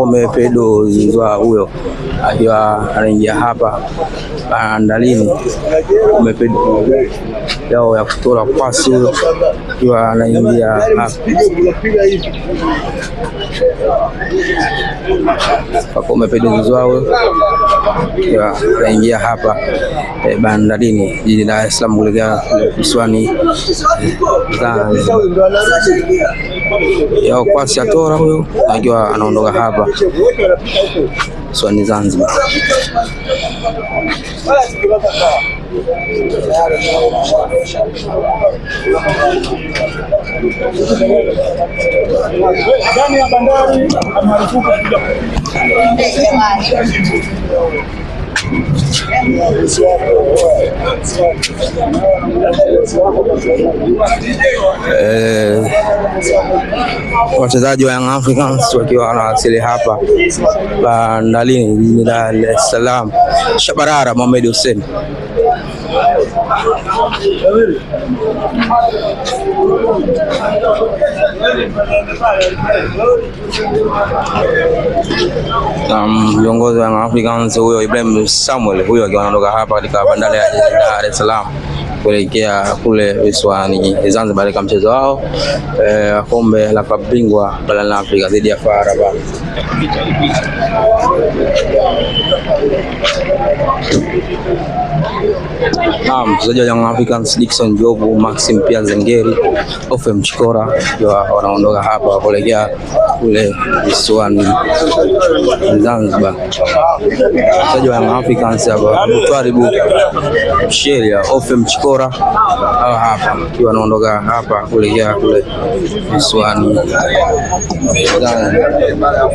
Pome Pedro Zouzoua huyo akiwa anaingia hapa bandarini. Pome Pedro yao ya kutola kwasi huyo akiwa anaingia hapa Pome Pedro Zouzoua huyo akiwa anaingia hapa e, eh, bandarini jini Dar es Salaam kuelekea visiwani eh, Zanzibar. Yao kwasi atora huyo akiwa anaondoka hapa So ni Zanzibar. Eh, wachezaji wa Young Africans wakiwa wanawasili hapa bandarini jijini Dar es Salaam. Shabarara Mohamed Hussein viongozi wa Young Africans huyo Ibrahim Samuel huyo akiwa anaondoka hapa katika bandari ya Dar es Salaam kuelekea kule visiwani Zanzibar katika mchezo wao e, kombe la klabu bingwa barani Afrika dhidi ya FAR Rabat. Naam, mchezaji wa Young Africans Dickson Jobu, Maxim pia Zengeri, Ofem Mchikora wa wanaondoka hapa wakuelekea kule visiwani Zanzibar. Mchezaji wa Young Africans hapa Mutwaribu Sheria, Ofem Mchikora hawa hapa wakiwa wanaondoka hapa kuelekea kule visiwani Zanzibar.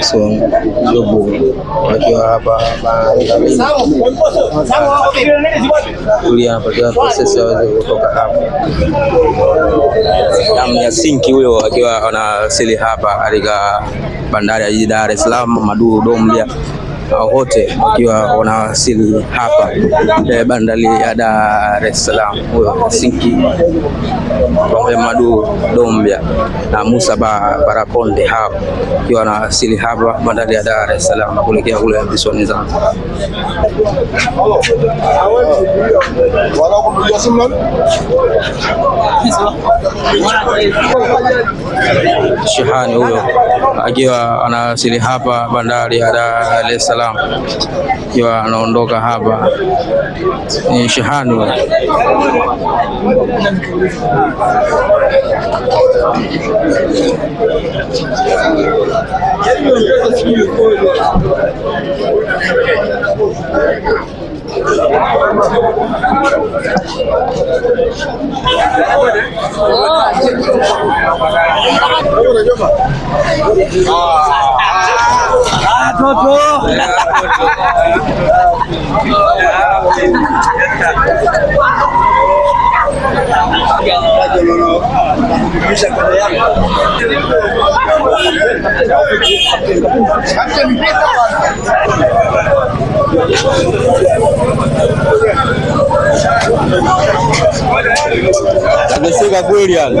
So, jobu wakiwa hapa tuliapatiwa prosesi waweze kutoka hapa. Namnyasinki huyo akiwa eh, anasili hapa katika bandari ya jiji Dar es Salaam Maduhu Domlia wote wakiwa wanawasili hapa e, bandari ya Dar es Salaam. Huyo Sinki Mahamadu Dombia na Musa barakonde hapa wakiwa wanawasili hapa bandari ya Dar es Salaam kuelekea kule visiwani Zanzibar. Shehani huyo akiwa anawasili hapa bandari ya Dar es Salaam akiwa anaondoka hapa ni Shehanu oh, Tumefika kweli yani.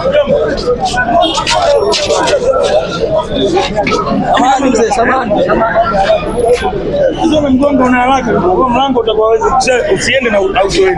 Samahani mzee, samahani. Hizo mgongo una haraka, kwa mlango utakuwa wezi usiende na autoeni.